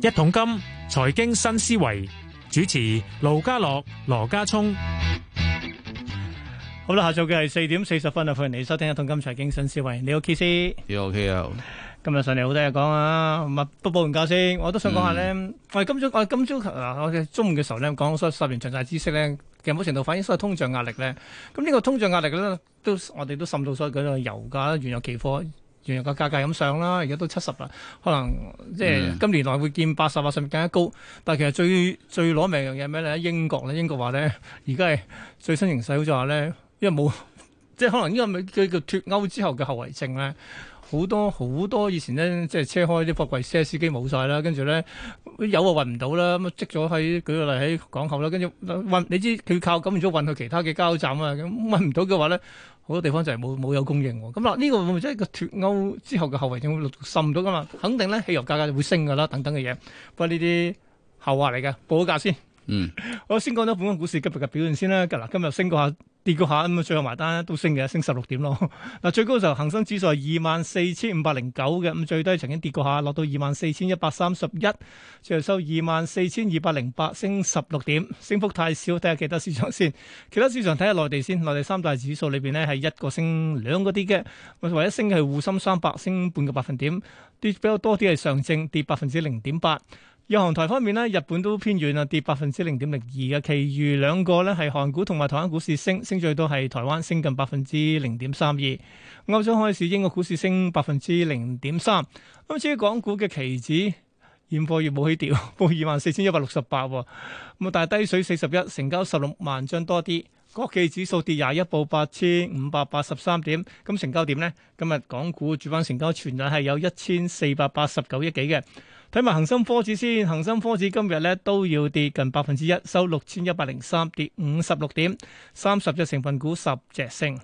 一桶金財經新思維，主持盧家樂、羅家聰，好啦，下晝嘅係四點四十分啊，歡迎你收聽一桶金財經新思維，你好 KC，你好 K 啊，今日上嚟好多嘢講啊，咁啊，都報完價先，我都想講下呢。嗯、我哋今朝我哋今朝、啊、我哋中午嘅時候呢，講咗十年長債知識咧，嘅某程度反映所咗通脹壓力呢。咁呢個通脹壓力呢，都我哋都滲到咗嗰個油價、原油期貨。原油嘅價格咁上啦，而家都七十啦，可能即係今年來會見八十啊，甚至更加高。但係其實最最攞命嘅係咩咧？英國咧，英國話咧，而家係最新形勢，好似話咧，因為冇即係可能因為咪叫脫歐之後嘅後遺症咧，好多好多以前咧即係車開啲貨櫃車司機冇晒啦，跟住咧有啊運唔到啦，咁積咗喺舉個例喺港口啦，跟住運你知佢靠咁唔少運去其他嘅交站啊，咁運唔到嘅話咧。好多地方就係冇有，有，有供應喎，咁啦呢個會唔會即係個脱歐之後嘅後遺症滲咗㗎嘛？肯定咧，汽油價格就會升㗎啦，等等嘅嘢，不過呢啲後話嚟嘅，報個價先。嗯，我先講咗本港股市今日嘅表現先啦。嗱，今日升過下，跌過下，咁最後埋單都升嘅，升十六點咯。嗱，最高嘅時候恒生指數係二萬四千五百零九嘅，咁最低曾經跌過下，落到二萬四千一百三十一，最後收二萬四千二百零八，升十六點，升幅太少，睇下其他市場先。其他市場睇下內地先，內地三大指數裏邊呢係一個升兩個，兩個跌嘅。我唯一升嘅係滬深三百，升半個百分點，跌比較多啲係上證，跌百分之零點八。日韓台方面咧，日本都偏軟啊，跌百分之零點零二嘅。其餘兩個咧係韓股同埋台灣股市升，升最多係台灣升近百分之零點三二。歐洲開市，英國股市升百分之零點三。咁至於港股嘅期指，現貨月冇起跌，報二萬四千一百六十八。咁啊，但係低水四十一，成交十六萬張多啲。國企指數跌廿一，報八千五百八十三點。咁成交點咧？今日港股主板成交全日係有一千四百八十九億幾嘅。睇埋恒生科指先，恒生科指今日咧都要跌近百分之一，收六千一百零三，跌五十六點，三十隻成分股十隻升。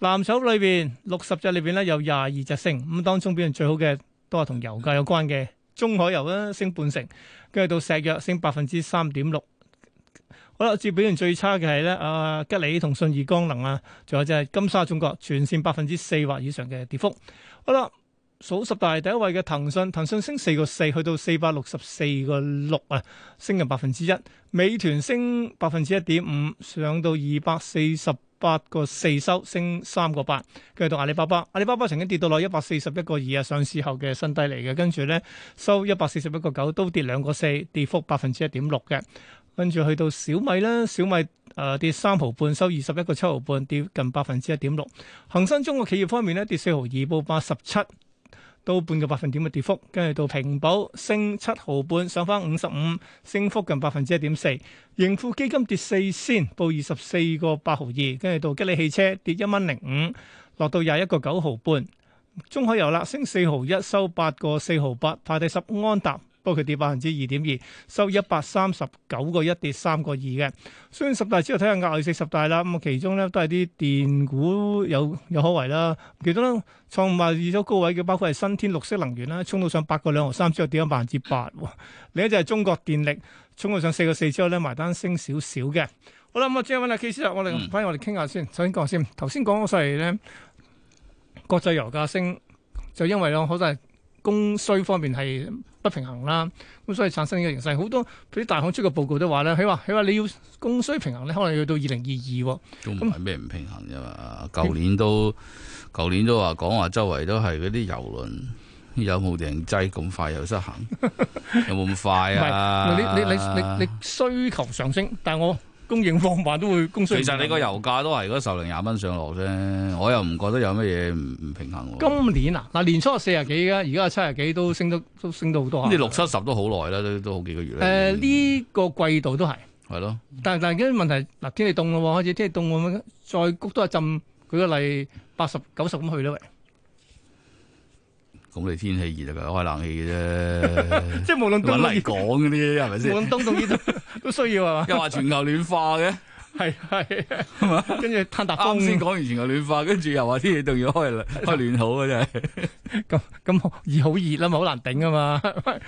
藍籌裏邊六十隻裏邊咧有廿二隻升，咁當中表現最好嘅都係同油價有關嘅，中海油啊升半成，跟住到石藥升百分之三點六。好啦，至表現最差嘅係咧，啊吉利同信義光能啊，仲有就係金沙中國，全線百分之四或以上嘅跌幅。好啦。數十大第一位嘅騰訊，騰訊升四個四，去到四百六十四個六啊，升近百分之一。美團升百分之一點五，上到二百四十八個四收，升三個八。跟住到阿里巴巴，阿里巴巴曾經跌到落一百四十一個二啊，上市後嘅新低嚟嘅，跟住咧收一百四十一個九，都跌兩個四，跌幅百分之一點六嘅。跟住去到小米咧，小米誒跌三毫半，收二十一個七毫半，跌, 5, 跌, 5, 跌近百分之一點六。恒生中國企業方面咧，跌四毫二，報八十七。到半個百分點嘅跌幅，跟住到平保升七毫半，上返五十五，升幅近百分之一點四。盈富基金跌四仙，報二十四個八毫二，跟住到吉利汽車跌一蚊零五，落到廿一個九毫半。中海油啦，升四毫一，收八個四毫八。排第十安踏。不過佢跌百分之二點二，收一百三十九個一，跌三個二嘅。雖然十大之後睇下壓力四十大啦。咁啊，其中咧都係啲電股有有可為啦。其中創五十二周高位嘅，包括係新天綠色能源啦，衝到上八個兩毫三之後跌咗百分之八。另一隻係中國電力，衝到上四個四之後咧，埋單升少少嘅。 好啦，咁啊，最後問下 K 先生，我哋翻嚟我哋傾下先談談談。首先講先，頭先講咗晒咧，國際油價升就因為有好大。供需方面係不平衡啦，咁所以產生呢個形勢。好多啲大行出個報告都話咧，佢話佢話你要供需平衡咧，可能要到二零二二喎。咁唔係咩唔平衡啫嘛？舊、嗯、年都舊年都話講話，周圍都係嗰啲遊輪有冇訂製咁快又出行，有冇咁快啊？唔係 你你你你你需求上升，但係我。供應放慢都會供，其實你個油價都係嗰十零廿蚊上落啫，我又唔覺得有乜嘢唔唔平衡喎。今年啊，嗱年初係四十幾㗎，而家係七十幾都升得都升到好多。咁你六七十都好耐啦，都都好幾個月咧。誒、呃，呢、呢個季度都係係咯，但係但係問題，嗱天氣凍咯，開始天氣凍，我咪再谷多一浸，舉個例，八十九十咁去咧。咁你天氣熱啊，開冷氣嘅啫。 即係無論對黎講嗰啲，係咪先？咁凍仲要都需要啊！ 又話全球暖化嘅，係係係嘛？跟住碳達峰 啱先講完全球暖化，跟住又話天氣仲要開開暖好嘅啫。咁咁 熱好熱啊嘛，好難頂啊嘛。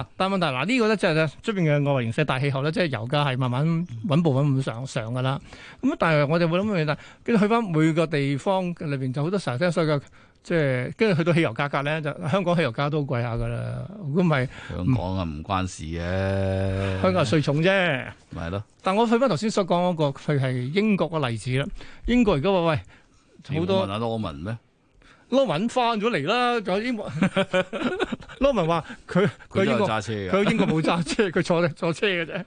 嗱，但問題嗱呢、呢個咧、就是，即係出邊嘅外型社大氣候咧，即、就、係、是、油價係慢慢穩步穩步，步上上㗎啦。咁但係我哋會諗問題，跟住去翻每個地方裏邊就好多時候聽衰嘅。即係跟住去到汽油價格咧，就香港汽油價都貴下噶啦。如果唔係，香港啊唔關事嘅。香港稅重啫，係咯。但我去翻頭先所講嗰個，佢係英國嘅例子啦。英國而家喂喂好多問下羅文咩羅文翻咗嚟啦。仲有英國羅 文話佢佢英國有揸車佢英國冇揸車，佢 坐坐車嘅啫。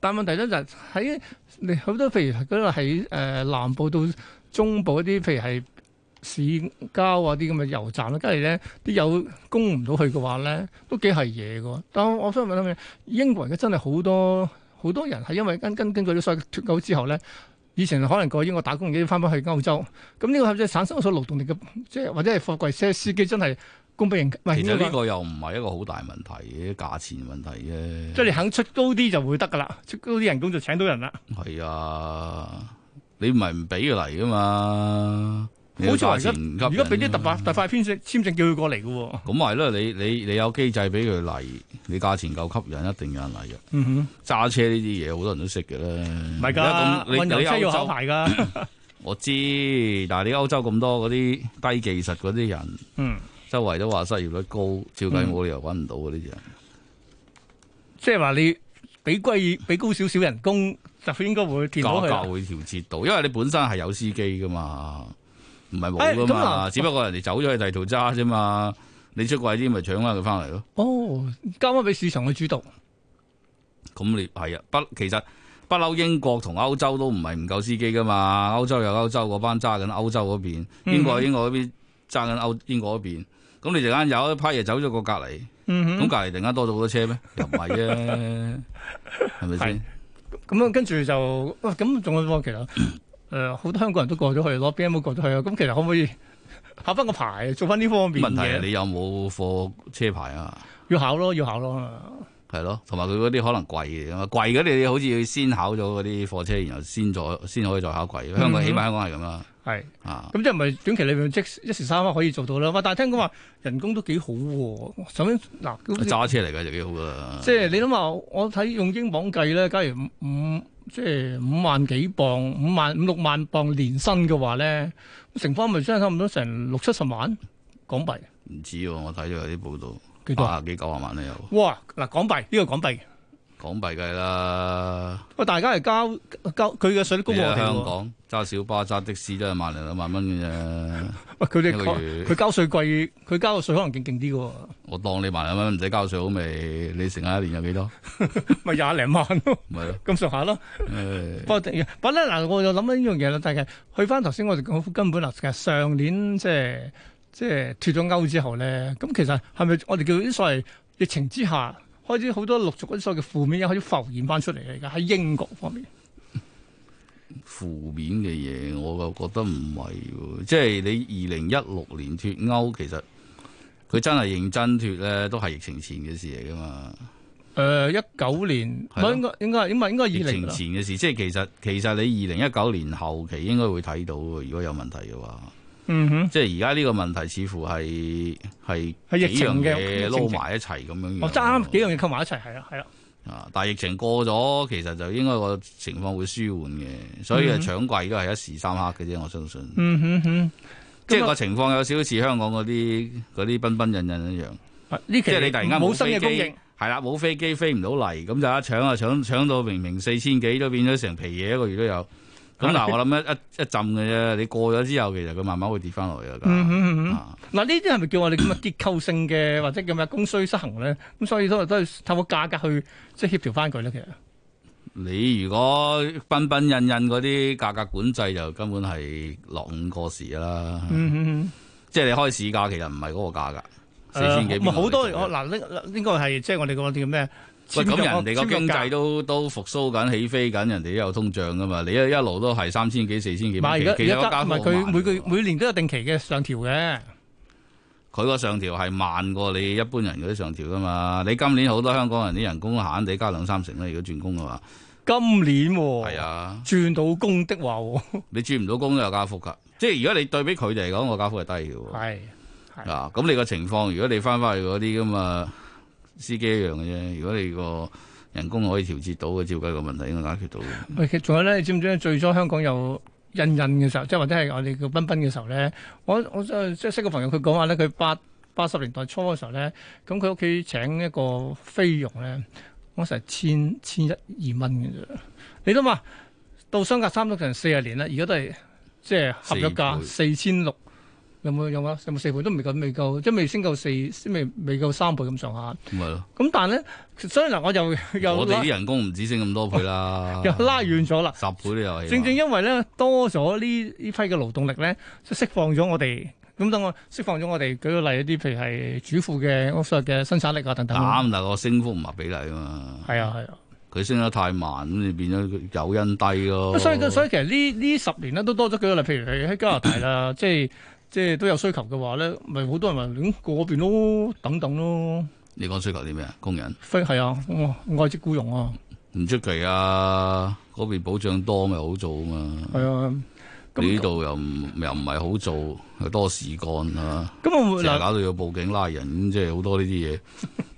但問題咧就係喺你好多譬如嗰喺誒南部到中部嗰啲，譬如係。市郊啊啲咁嘅油站咧，跟住咧啲油供唔到佢嘅話咧，都幾係嘢㗎。但我想問下問，英國而家真係好多好多人係因為跟跟根據啲所謂脱歐之後呢，以前可能過英國打工已經翻返去歐洲，咁呢個係咪產生咗所勞動力嘅，即係或者係貨櫃車司機真係供不應。其實呢個又唔係一個好大問題嘅價錢問題啫。即係你肯出高啲就會得㗎啦，出高啲人工就請到人啦。係啊，你唔係唔俾佢嚟㗎嘛？好似話而家俾啲特快特快簽證簽、啊、證叫佢過嚟嘅、啊，咁咪咯？你你你有機制俾佢嚟，你價錢夠吸引，一定有人嚟嘅。揸、嗯、哼車呢啲嘢好多人都識嘅啦，而家咁，你、啊、你歐洲要考牌噶 ？我知，但係你歐洲咁多嗰啲低技術嗰啲人，嗯、周圍都話失業率高，照計我又揾唔到啊！啲人，即係話你俾貴俾高少少人工，就快應該會填到 會調節到，因為你本身係有司機噶嘛。唔係冇噶嘛，哎啊、只不過人哋走咗去第二度揸啫嘛。你出貴啲，咪搶翻佢翻嚟咯。哦，交翻俾市場去主導。咁、哦、你係啊？不，其實不嬲英國同歐洲都唔係唔夠司機噶嘛。歐洲有歐洲嗰班揸緊歐洲嗰邊，英國有英國嗰邊揸緊歐英國嗰邊。咁你，你突然間有一批嘢走咗過隔離，咁隔離突然間多咗好多車咩？又唔係啫，係咪先？咁樣跟住就，咁仲有冇其他？誒好、呃、多香港人都過咗去，攞 BNO、MM、過咗去啊！咁、嗯、其實可唔可以考翻個牌，做翻呢方面嘅問題啊？你有冇貨車牌啊？要考咯，要考咯。係咯，同埋佢嗰啲可能貴嚟嘛，貴嗰啲好似要先考咗嗰啲貨車，然後先再先可以再考貴。香港、嗯、哼起碼香港係咁啊。係啊，咁即係唔係短期裏面即一時三刻可以做到啦。哇！但係聽講話人工都幾好喎、啊。首先嗱，揸車嚟嘅就幾好啊。即係你諗下，我睇用英鎊計咧，假如五即係五萬幾鎊、五萬五六萬鎊年薪嘅話咧，成方咪相差唔多成六七十萬港幣。唔知喎，我睇咗有啲報道，幾多？八十幾九十萬都有。哇！嗱，港幣呢個港幣。港幣計啦，喂， 大家嚟交交佢嘅稅都高我哋喎、啊。香港揸小巴揸的士都係萬零兩萬蚊嘅啫。喂，佢哋佢交稅貴，佢交嘅稅可能勁勁啲嘅。我當你萬兩蚊唔使交稅好未？你成下一年有幾多？咪廿零萬咯、啊。咪咯、 啊。咁上下咯。不過不過咧，嗱， 我又諗緊呢樣嘢啦，但係。去翻頭先，我哋講根本啊，上年即係即係脫咗歐之後咧，咁其實係咪我哋叫所謂疫情之下？開始好多陸續一啲所謂嘅負面又開始浮現翻出嚟，而家喺英國方面，負面嘅嘢我就覺得唔係喎，即係你二零一六年脫歐，其實佢真係認真脫咧，都係疫情前嘅事嚟噶嘛？誒、呃，一九年唔的應該應該唔係應該疫情前嘅事，即係其實其實你二零一九年後期應該會睇到嘅，如果有問題嘅話。嗯哼，即係而家呢個問題似乎係係係幾樣嘢撈埋一齊咁樣樣，哦，揸啱幾樣嘢溝埋一齊係啊係啊，啊，但係疫情過咗，其實就應該個情況會舒緩嘅，所以啊搶貴都係一時三刻嘅啫，我相信。嗯嗯、即係個情況有少少似香港嗰啲嗰啲賓賓印印一樣。啊、即係你突然間冇新嘅供應，係啦，冇飛機飛唔到嚟，咁就一搶啊搶搶到明明四千幾都變咗成皮嘢一個月都有。咁嗱，我諗一一浸嘅啫，你過咗之後，其實佢慢慢會跌翻落嚟㗎。嗱，呢啲係咪叫我哋咁嘅結構性嘅，或者叫咩供需失衡咧？咁所以都都係透過價格去即係協調翻佢咧。其實你如果彬彬印印嗰啲價格管制，就根本係落伍過時啦。嗯，即係你開市價，其實唔係嗰個價格，四千幾。好多，我嗱呢應該係即係我哋講啲咩？咁人哋個經濟都都復蘇緊、起飛緊，人哋都有通脹噶嘛？你一一路都係三千幾、四千幾萬，其實有加幅。唔佢每個月每年都有定期嘅上調嘅。佢個上調係慢過你一般人嗰啲上調噶嘛？你今年好多香港人啲人工閒閒地加兩三成啦，如果轉工嘅話。今年係啊，轉到工的話，你轉唔到工都有加幅噶。即係如果你對比佢哋嚟講，個加幅係低嘅。係啊，咁你個情況，如果你翻翻去嗰啲咁啊。司機一樣嘅啫，如果你個人工可以調節到嘅，照計個問題應該解決到。喂，仲有咧，你知唔知咧？最初香港有印印嘅時候，即係或者係我哋叫賓賓嘅時候咧，我我即係識個朋友，佢講話咧，佢八八十年代初嘅時候咧，咁佢屋企請一個菲傭咧，嗰時千千一二蚊嘅啫。你諗下，到相隔三都成四十年啦，而家都係即係合約價四千倍六。4, 有冇有冇？有冇四倍都未夠，未夠，即未升夠四，未未夠三倍咁上下。咁咯。咁但係咧，所以嗱，我又 又我哋啲人工唔止升咁多倍啦。 又拉遠咗啦。 十倍你又正正因為咧，多咗呢呢批嘅勞動力咧，釋放咗我哋。咁等我釋放咗我哋。舉個例，一啲譬如係主婦嘅、o p 嘅生產力啊等等。嗱，但係升幅唔係比例啊嘛。係啊係啊，佢升得太慢，咁變咗誘因低咯。所以所以其實呢呢十年咧都多咗幾個例，譬如喺加拿大啦， 即係。即係都有需求嘅話咧，咪好多人話亂過嗰邊咯，等等咯。你講需求啲咩啊？工人？非係啊，外籍雇傭啊。唔出奇啊！嗰邊保障多咪好做啊嘛。係啊，你呢度又唔又唔係好做，又多事幹啊。咁啊、嗯，成日搞到要報警拉人，即係好多呢啲嘢。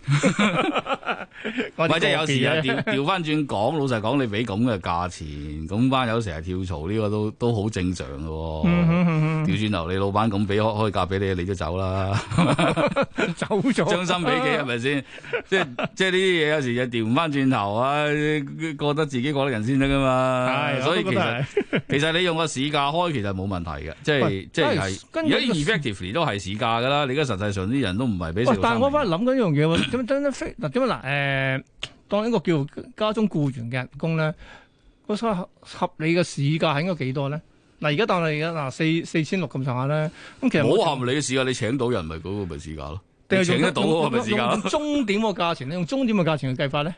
喂，即係有時又調調翻轉講，老實講，你俾咁嘅價錢，咁班有時係跳槽，呢個都都好正常嘅。調轉頭，你老闆咁俾開開價俾你，你都走啦，走咗，將心比己係咪先？即係即係呢啲嘢，有時又調唔翻轉頭啊，過得自己過得人先得噶嘛。係，所以其實其實你用個市價開其實冇問題嘅，即係即係係，而家 effectively 都係市價噶啦。你而家實際上啲人都唔係俾，但係我翻去諗緊一樣嘢。咁真嗱點啊，嗱誒，當一個叫家中雇員嘅人工咧，個所謂合理嘅市價係應該幾多咧？嗱而家但係而家嗱四四千六咁上下咧，咁其實冇合理嘅市價，你請到人咪嗰個咪市價咯？定係請得到喎咪市價？咁，中點個價錢咧，用中點嘅價錢去計法咧。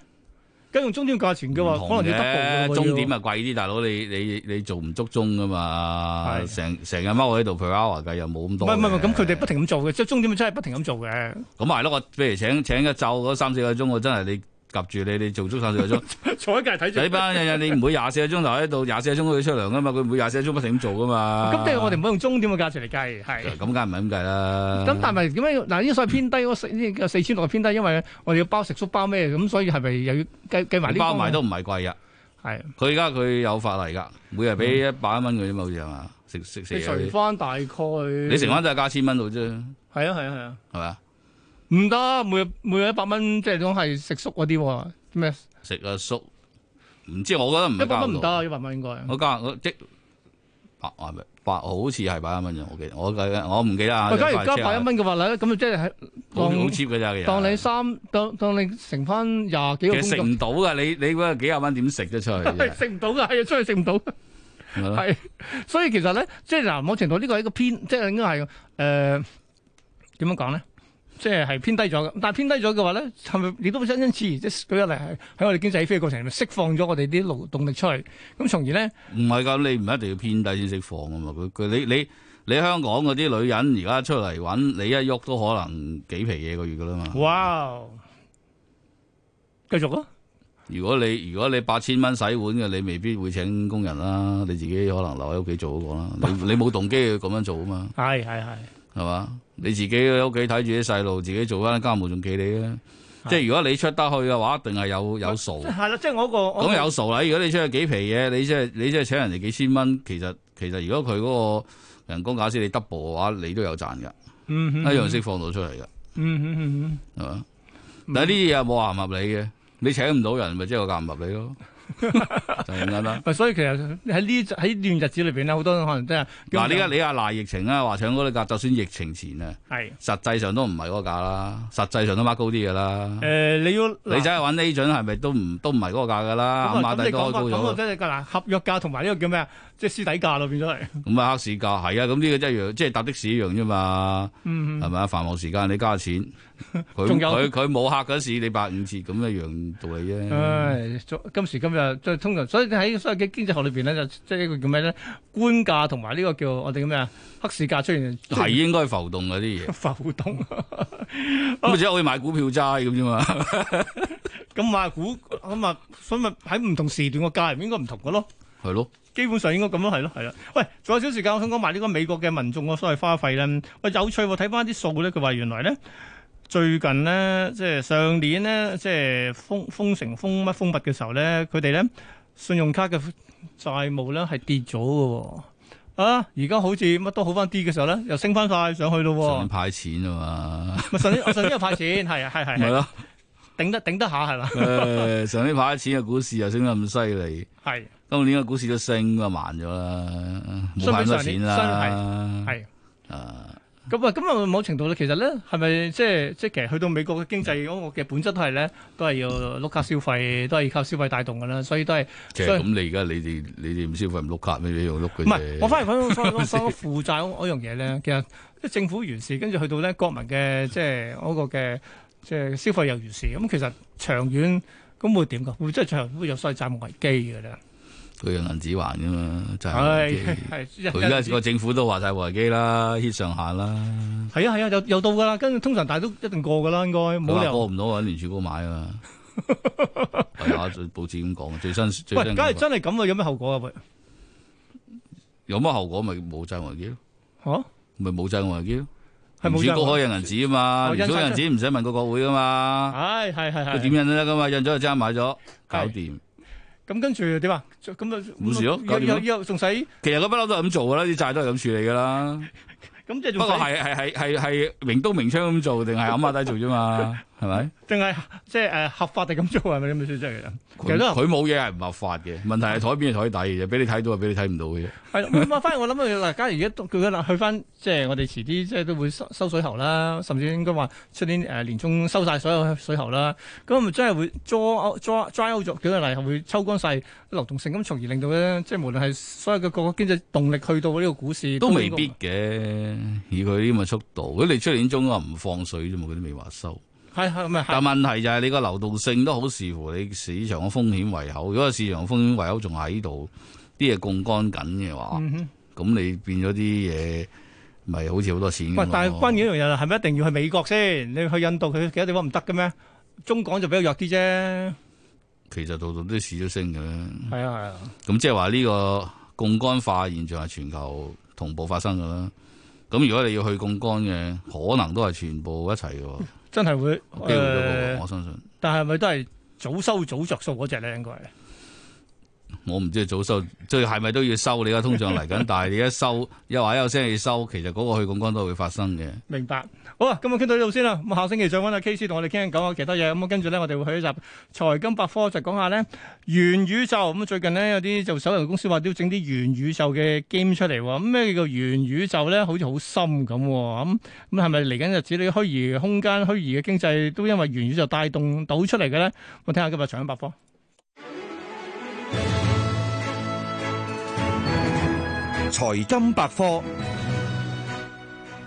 想用鐘點價錢嘅話，可能要得嘅。鐘點咪貴啲，大佬你你你做唔足鐘㗎嘛？係成成日踎喺度 per hour 計，又冇咁多。唔係唔係，咁佢哋不停咁做嘅，即係鐘點真係不停咁做嘅。咁咪係咯，我譬如請請一晝嗰三四個鐘，我真係你。及住你，哋做足曬就做。採價睇住。仔班日日你唔會廿四個鐘頭喺度，廿四個鐘都要出糧㗎嘛？佢唔會廿四個鐘不停咁做㗎嘛？咁即係我哋唔好用鐘點嘅價錢嚟計，係。咁梗係唔係咁計啦？咁但係點樣？嗱，呢個所謂偏低，我四呢個四千六偏低，因為我哋要包食宿包咩，咁所以係咪又要計計埋啲？包埋都唔係貴呀，係的。佢而家佢有法例㗎，每日俾一百蚊佢啫嘛，好似係嘛？食食食。你除翻大概？你除都就加千蚊度啫。係啊係啊係啊，係嘛的？唔得，每每日一百蚊，即係講係食宿嗰啲，咩食啊宿？唔知我覺得唔一百蚊唔得，啊，一百蚊應該我加我即百萬蚊，百好似係百一蚊咋？我記得我計嘅，我唔記得啊。而家百一蚊嘅話，嗱咁啊，即係當你好 cheap 嘅咋？當你三當當你乘翻廿幾個，其實食唔到噶，你你嗰個幾廿蚊點食得出嚟？食唔到噶，係啊， 出去食唔到。係 的， 所以其實咧，即係嗱，某程度呢個係一個偏，即係應該係誒，點、呃、樣講咧？即係係偏低咗嘅，但係偏低咗嘅話咧，係咪你都會因因此即舉一例係喺我哋經濟飛嘅過程裏面釋放咗我哋啲勞動力出去，咁從而咧？唔係㗎，你唔一定要偏低先釋放啊嘛！佢佢你你你香港嗰啲女人而家出嚟揾你一喐都可能幾皮嘢個月㗎啦嘛！哇、wow！繼續啊！如果你如果你八千蚊洗碗嘅，你未必會請工人啦，啊，你自己可能留喺屋企做嗰個啦。 你冇動機去咁樣做啊嘛！係係係，係嘛？你自己喺屋企睇住啲細路，自己做翻啲家務，仲企你啊！即係如果你出得去嘅話，一定係有有數。係啦，即、就、係、是那個、我個咁有數啦。如果你出去幾皮嘢，你即、就、係、是、你即係請人哋幾千蚊，其實其實如果佢嗰個人工假設你 double 嘅話，你都有賺噶，嗯、哼哼一樣食放到出嚟噶。啊、嗯！但係呢啲嘢冇話唔合理嘅，你請唔到人咪即係我價唔合理咯。就咁啦。所以其實喺呢喺段日子裏邊咧，好多人可能都係嗱，依家你咪賴疫情咧，話搶嗰個價，就算疫情前啊，係是實際上都唔係嗰個價啦，實際上都 mark 高啲嘅啦。誒、呃，你要你真係搵呢準係咪都唔都唔係嗰個價噶啦？低、嗯、高咗。合約價同埋呢個叫咩啊？即係私底價咯，變咗係。咁啊，黑市價係啊，咁呢個真係即係搭的士一樣啫嘛。嗯，係咪？繁忙時間你加錢。嗯嗯佢佢佢冇吓嗰次，你百他 有五次咁一樣道理啫。唉，今時今日即係通常，所以你喺所謂嘅經濟學裏邊呢，就即係一個叫咩咧，官價同埋呢個叫我哋叫咩啊，黑市價出現係應該浮動嗰啲嘢， 浮動咁只可以買股票齋咁啫嘛。咁買股咁啊，所以咪，喺唔同時段個價應該唔同嘅咯，係咯，基本上應該咁樣係咯，係啦。喂，仲有少少時間，我想講埋呢個美國嘅民眾嘅所謂花費咧，喂，有趣喎，睇翻啲數咧，佢話原來咧。最近呢，即係上年呢，即係封封城封乜封物嘅時候咧，佢哋咧信用卡嘅債務咧係跌咗嘅，啊！而家好似乜都好翻啲嘅時候咧，又升翻晒上去咯。上年派錢啊嘛，上年上年又派錢，係 啊係係。咪咯、啊，頂、啊啊啊、得頂得下係嘛？啊、 上年派錢嘅股市又升得咁犀利，係、啊。今年嘅股市都升，咁啊慢咗啦，冇派咁多錢啦，係啊。咁啊，咁啊、嗯，某程度咧，其實咧，係咪即係即係其實去到美國嘅經濟嗰個嘅本質都係咧，都係要碌卡消費，都係靠消費帶動嘅啦，所以都係。即係咁，你而家你哋你哋唔消費唔碌卡咩？用碌嘅唔係，我反而講講講講負債嗰嗰樣嘢咧，其實即係政府完事，跟住去到咧國民嘅即係嗰、嗰個嘅即係消費又完事，咁其實長遠咁會點噶？會即係長會有所債務危機嘅啦。佢用銀紙還噶嘛？就係佢而家個政府都話晒債務危機啦，hit 上限啦。係啊係啊，又又到噶啦，跟住通常大都一定過噶啦，應該冇人過唔到啊！聯儲局買啊，係啊，報紙咁講，最新最。喂，梗係真係咁啊？有咩後果啊？有乜後果咪冇債務危機咯？吓，咪冇債務危機咯？聯儲局可以印銀紙啊嘛，用咗銀紙唔使問個國會啊嘛。係係係係。佢點印都得噶嘛？印咗就即刻買咗，搞掂。咁跟住點啊？咁就唔事咯，佢點啊？又又又仲使？其實佢不嬲都係咁做噶啦，啲債都係咁處理噶啦。咁即係，不過係係係係係明刀明槍咁做定係暗花低做啫嘛？ 係咪淨係即係誒合法地做？定咁做係咪咁嘅選擇嚟？其實佢冇嘢係唔合法嘅，問題係台邊嘅台底嘅俾你睇到啊，俾你睇唔到嘅啫。係反而我諗啊，假如而家佢嗰去翻，即係我哋遲啲，即係都會收，收水喉啦，甚至應該話出年誒年中收晒所有水喉啦。咁咪真係會 jo jo dry out 咗會抽乾晒流動性，咁從而令到咧，即係無論係所有嘅各個經濟動力去到呢個股市都未必嘅，以佢呢啲咁嘅速度。如果你出年中啊唔放水啫嘛，佢都未話收。但問題就係你個流動性都好視乎你市場嘅風險胃口。如果市場風險胃口仲喺度，啲嘢槓桿緊嘅話，咁、嗯、哼你變咗啲嘢，咪好似好多錢。喂，但係關鍵一樣嘢係咪一定要去美國先？你去印度，去其他地方唔得嘅咩？中港就比較弱啲啫。其實度度都市咗升嘅。係啊係啊。咁即係話呢個槓桿化現象係全球同步發生嘅啦。咁如果你要去槓桿嘅，可能都係全部一齊嘅。 真係會機會、呃、我相信。但係咪都係早收早着數嗰隻咧？應該係。我唔知要早收，最係咪都要收？你而家通脹嚟緊，但係你一收又話有聲要收，其實嗰個去槓桿都會發生嘅。 明白。好啦，今日傾到呢度先啦。咁下星期再揾阿 KC 同我哋傾講下其他嘢。咁跟住咧，我哋會去一集財金百科，就講下呢元宇宙。咁最近呢，有啲就手遊公司話要整啲元宇宙嘅 game 出嚟喎。咁咩叫做元宇宙咧？好似好深咁。咁咁係咪嚟緊就指你虛擬空間、虛擬嘅經濟都因為元宇宙帶動到出嚟嘅咧？我聽下今日財金百科。財金百科。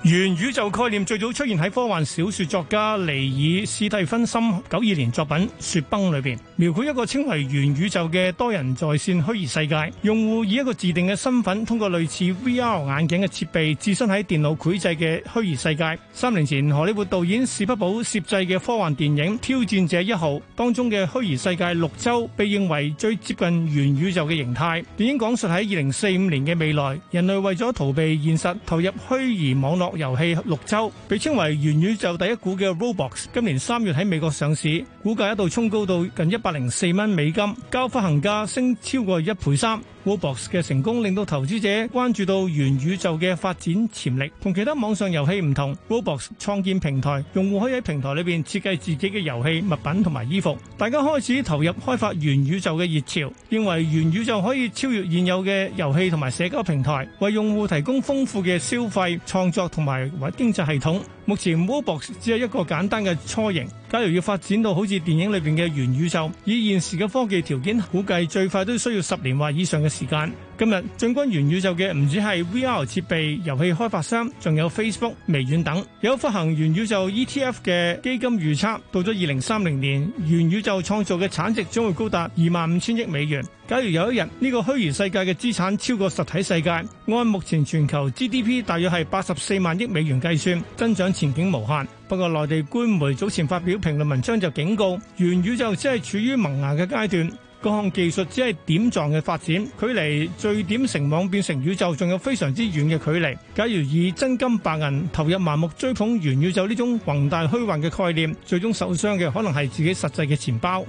元宇宙概念最早出現喺科幻小說作家尼爾史蒂芬森九二年作品《雪崩》裏邊，描繪一個稱為元宇宙嘅多人在線虛擬世界，用戶以一個自定嘅身份，通過類似 VR 眼鏡嘅設備，置身喺電腦繪製嘅虛擬世界。三年前，荷里活導演史匹堡攝製嘅科幻電影《挑戰者一號》當中嘅虛擬世界綠洲，被認為最接近元宇宙嘅形態。電影講述喺二零四五年嘅未來，人類為咗逃避現實，投入虛擬網絡。遊戲綠洲被稱為元宇宙第一股嘅 Roblox，今年三月喺美國上市，股價一度衝高到近一百零四蚊美金，交發行價升超過一倍三。w o o b l o x 嘅成功令到投資者關注到元宇宙嘅發展潛力，同其他網上遊戲唔同。w o o b l o x 創建平台，用戶可以喺平台裏邊設計自己嘅遊戲物品同埋衣服。大家開始投入開發元宇宙嘅熱潮，認為元宇宙可以超越現有嘅遊戲同埋社交平台，為用戶提供豐富嘅消費、創作同埋經濟系統。目前 w o o b l o x 只係一個簡單嘅雛形。假如要發展到好似電影裏邊嘅元宇宙，以現時嘅科技條件，估計最快都需要十年或以上嘅時間。今日進軍元宇宙嘅唔止係 VR 設備、遊戲開發商，仲有 Facebook、微軟等。有發行元宇宙 ETF 嘅基金預測，到咗二零三零年，元宇宙創造嘅產值將會高達二萬五千億美元。假如有一日呢個虛擬世界嘅資產超過實體世界，按目前全球 GDP 大約係八十四萬億美元計算，增長前景無限。不過內地官媒早前發表評論文章就警告，元宇宙只係處於萌芽嘅階段。各項技術只係點狀嘅發展，距離聚點成網變成宇宙仲有非常之遠嘅距離。假如以真金白銀投入盲目追捧元宇宙呢種宏大虛幻嘅概念，最終受傷嘅可能係自己實際嘅錢包。